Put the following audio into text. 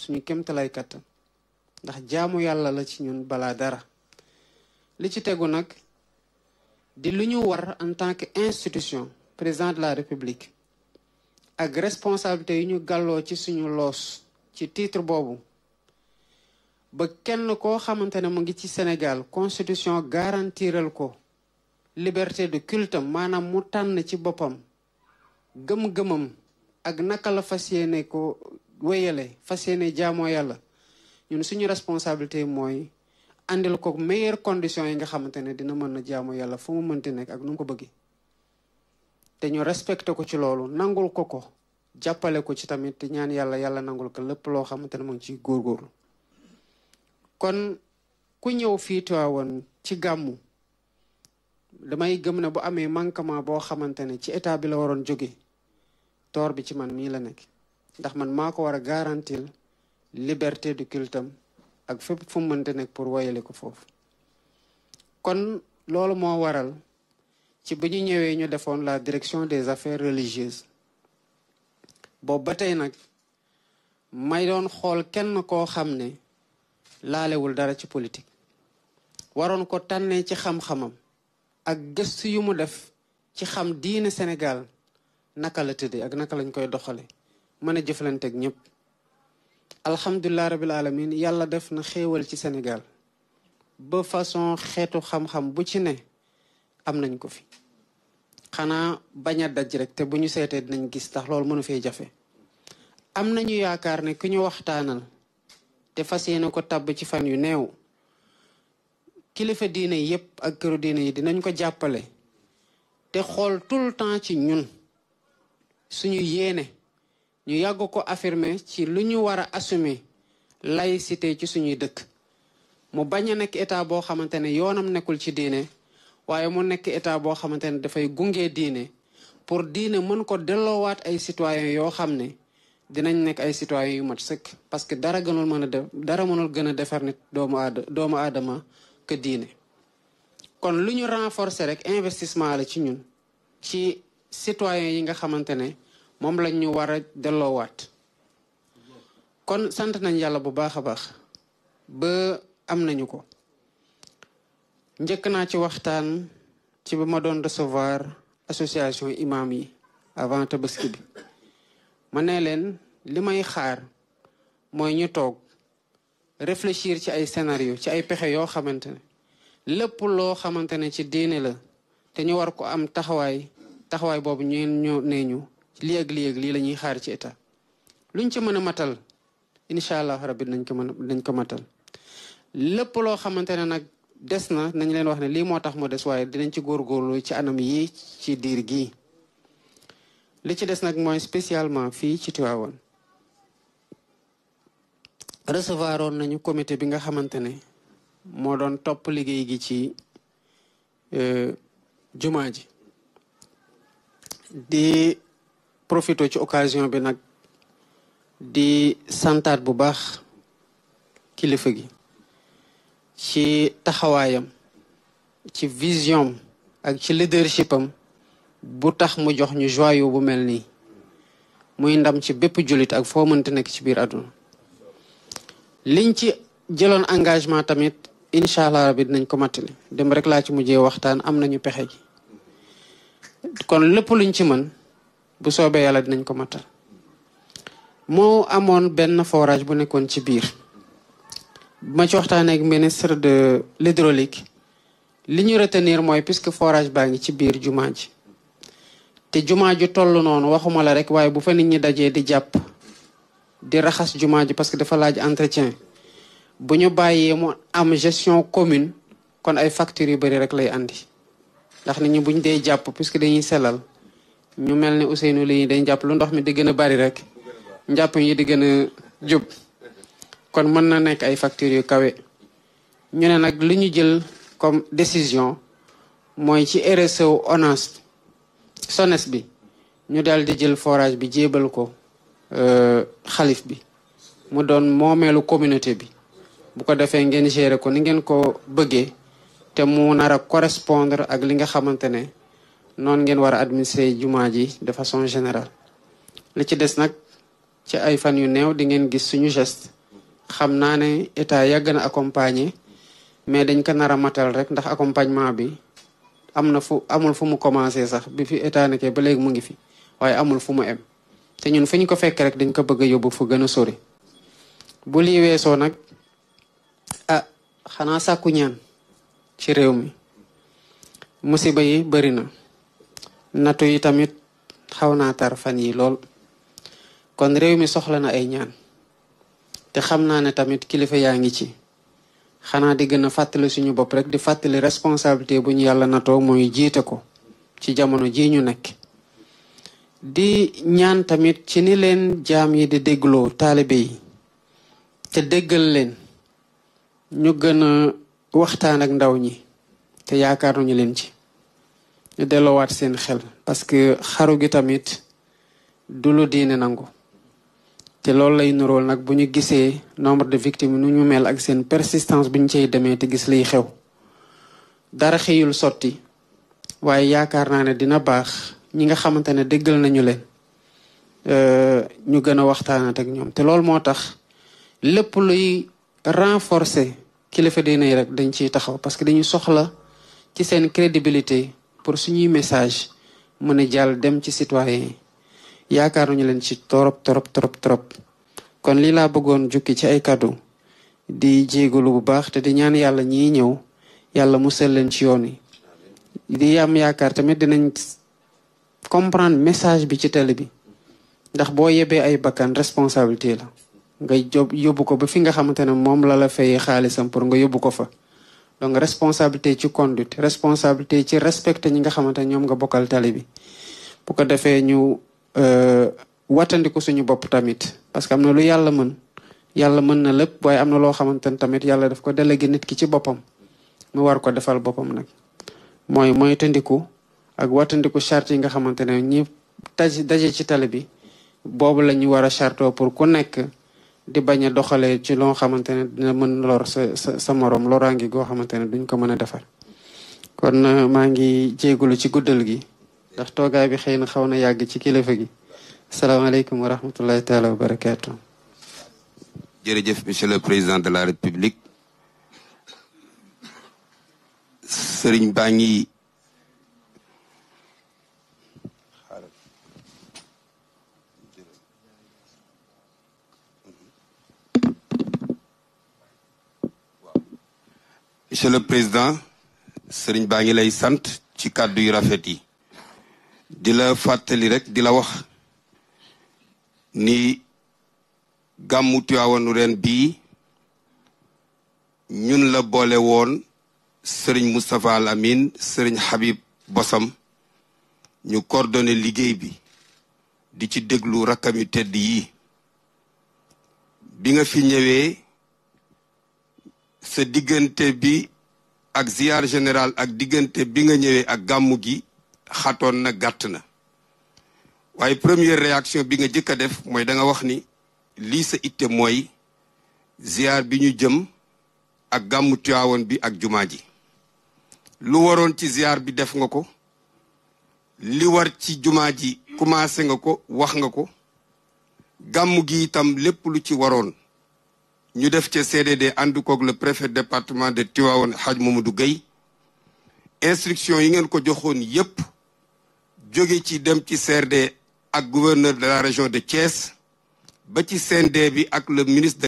suñu kémtalay kàttan ndax jaamu yàlla la ci ñun balaa dara li ci tegu nag di lu ñu war en tant que institution président de la république ak responsabilité yu ñu gàlloo ci suñu loos ci tiitre boobu ba kenn koo xamante ne mu ngi ci Sénégal constitution garantiral ko liberté de culte maanaam mu tànn ci boppam gëm-gëmam ak naka la fas yéene ko wéyale fas yéene jaamoo yàlla ñun suñu responsabilité mooy àndil ko meilleure condition yi nga xamante ne dina mën a jaamoo yàlla fu mu mënti nekk ak nu mu ko bëggee te ñu respecté ko ci loolu nangul ko ko jàppale ko ci tamit te ñaan yàlla yàlla nangul ko lépp loo xamante ne mu ngi ciy góorgóorlu kon ku ñëw fii Tiwaawan ci gàmmu damay gëm ne bu amee manquement boo xamante ne ci état bi la waroon jóge toor bi ci man mii la nekk ndax man maa ko war a garantir liberté du culte ak fépp fu mu nekk pour woyale ko foofu kon loolu moo waral ci bu ñu ñëwee ñu defoon la direction des affaires religieuses boobu ba tey nag may doon xool kenn koo xam ne laalewul dara ci politique waroon ko tànnee ci xam-xamam ak gëstu yu mu def ci xam diine Sénégal naka la tëddee ak naka lañu koy doxale mën a jëflanteeg ñëpp alhamdulilah rabil alamin yàlla def na xéewal ci senegal ba façon xeetu xam-xam bu ci ne am nañ ko fi xanaa bañ a daj rek te bu ñu seetee dinañ gis tax loolu mënu fee jafe am nañu yaakaar ne ki ñu waxtaanal te fas yéene ko tàbb ci fan yu neew kilifa diine yépp ak këru diina yi dinañ ko jàppale te xool tout le temps ci ñun suñu yéene ñu yàgg ko affirmer ci lu ñu war a assumer laïcité ci suñuy dëkk mu bañ a nekk état boo xamante ne yoonam nekkul ci diine waaye mu nekk état boo xamante ne dafay gunge diine pour diine mën ko delloowaat ay citoyens yoo xam ne dinañ nekk ay citoyens yu mat sëkk parce que dara gënul mën a def dara mënul gën a defar nit doomu doomu aadama que diine kon lu ñu renforcer rek investissement la ci ñun ci citoyens yi nga xamante ne moom lañ ñu war a delloowaat kon sant nañ yàlla bu baax a baax ba am nañu ko njëkk naa ci waxtaan ci ba ma doon recevoir association imam yi avant tabaski bi ma ne leen li may xaar mooy ñu toog réfléchir ci ay scénario ci ay pexe yoo xamante ne lépp loo xamante ne ci diine la te ñu war ko am taxawaay taxawaay boobu ñu nee ñu lii ak lii ak lii la ñuy xaar ci état luñ ci mën a matal incha allah rabbi nañ ko mën dañ ko matal lépp loo xamante ne nag des na nañ leen wax ne lii moo tax mu des waaye dinañ ci góorgóorlu ci anam yi ci diir gii li ci des nag mooy spécialement fii ci Tiwaawoon recevoir oon nañu comité bi nga xamante ne moo doon topp liggéey gi ci euh, jumaa ji profité ci occasion bi nag di santaat bu baax kilifa gi ci taxawaayam ci vision ak ci leadership am bu tax mu jox ñu joyau bu mel nii muy ndam ci bépp jullit ak foo mënti nekk ci biir àdduna liñ ci jëloon engagement tamit incha allah rabi dinañ ko mattali dem rek laa ci mujjee waxtaan am nañu pexe ji kon lépp luñ ci mën bu soobee yàlla dinañ ko matal moo amoon benn forage bu nekkoon ci biir ma ci waxtaanee ak ministre de l'hydraulique li ñu retenir mooy puisque forage baa ngi ci biir jumaa ji te jumaa ju toll noonu waxuma la rek waaye bu fa nit ñi dajee di jàpp di raxas jumaa ji parce que dafa laaj entretien bu ñu bàyyee mu am gestion commune kon ay factures yu bari rek lay andi ndax nit ñi buñ dee jàpp que dañuy selal ñu mel ne Ousseynou lii day jàpp lu ndox mi di gën a bari rek njàpp yi di gën a jub kon mën na nekk ay factures yu kawe ñu ne nag li ñu jël comme décision mooy ci RSE wu ONAS SONES bi ñu daal di jël forage bi jébal ko euh, xalif bi mu doon moomeelu communauté bi bu ko defee ngeen gérer ko ni ngeen ko bëggee te mu nar a correspondre ak li nga xamante ne noonu ngeen war a administrer jumaa ji de façon générale li ci des nag ci ay fan yu néew di ngeen gis suñu geste xam naa ne état yàgg na accompagner mais dañ ko nar a matal rek ndax accompagnement bi am na fu amul fu mu commencé sax bi fi état nekkee ba léegi mu ngi fi waaye amul fu mu em te ñun fu ñu ko fekk rek dañ ko bëgg a yóbbu fu gën a sori bu lii weesoo nag ah xanaa sàkku ñaan ci réew mi musiba yi bari na natu yi tamit xaw naa tar fan yi lool kon réew mi soxla na ay ñaan te xam naa ne tamit kilifa yaa ngi ci xanaa di gën a fàttali suñu bopp rek di fàttali responsabilité bu ñu yàlla natoo mooy jiite ko ci jamono ji ñu nekk di ñaan tamit ci ni leen jaam yi di dégloo taalibe yi te déggal leen ñu gën a waxtaan ak ndaw ñi te yaakaar nañu leen ci ñu delloowaat seen xel parce que xaru gi tamit du lu diine nangu te loolu lay nurool nag bu ñu gisee nombre de victimes nu ñu mel ak seen persistance bu ñu cay demee te gis liy xew dara xëyul sotti waaye yaakaar naa ne dina baax ñi nga xamante ne déggal nañu leen euh, ñu gën a waxtaanat ak ñoom te loolu moo tax lépp luy renforcer kilifa diine yi rek dañ ciy taxaw parce que dañu soxla ci seen crédibilité pour suñuy message mën a jàll dem ci citoyen yaakaar nañu leen ci torop trop trop torop kon lii laa bëggoon jukki ci ay kàddu di jégalu bu baax te di ñaan yàlla ñiy ñëw yàlla musal leen ci yoon yi di yam yaakaar tamit dinañ comprendre message bi ci télé bi ndax boo yebee ay bakkan responsabilité la nga jóg yóbbu ko ba fi nga xamante ne moom la la fayee xaalisam pour nga yóbbu ko fa donc responsabilité ci conduite responsabilité ci respecté ñi nga xamante ne ñoom nga bokkal tali bi bu ko defee ñu euh, wattandiku suñu bopp tamit parce que am na lu yàlla mën yàlla mën na lépp waaye am na loo xamante ne tamit yàlla daf ko délégué nit ki ci boppam mu war ko defal boppam nag mooy mooy tandiku ak wattandiku charte yi nga xamante ne ñi taj daje ci tali bi boobu la ñu war a chartoo pour ku nekk di bañ a ci loo xamante ne dina mën lor sa sa sa morom loraangi goo xamante ne duñ ko mën a defar kon euh, maa ngi jéegulu ci guddal gi ndax toogaay bi xëy na xaw na yàgg ci kilifa gi salaamaaleykum wa rahmatullahi taala wa barakaatu jërëjëf monsieur le président de la république sëriñ baa ngi monsieur le président sëriñ baa ngi lay sant ci kàddu yu rafet yi di la fàttali rekk di la wax ni gàmmu Tiwaawanu ren bii ñun la boole woon sëriñ Moustapha Al Amin sëriñ Habib Bosam ñu coordonné liggéey bi di ci déglu rakkam yu tedd yi bi nga fi ñëwee sa diggante bi ak ziar général ak diggante bi nga ñëwee ak gàmmu gi xatoon na gàtt na waaye première réaction bi nga jëkk a def mooy da nga wax ni lii sa itte mooy ziar bi ñu jëm ak gàmmu Tiwaawan bi ak jumaa ji lu waroon ci ziar bi def nga ko li war ci jumaa ji commencé nga ko wax nga ko gàmmu gi itam lépp lu ci waroon ñu def ca CDD ànd koog le préfet département de Tivaouane Hadj Mamadou Guèye instruction yi ngeen ko joxoon yépp jóge ci dem ci CRD ak gouverneur de la région de Thiès ba ci CND bi ak le ministre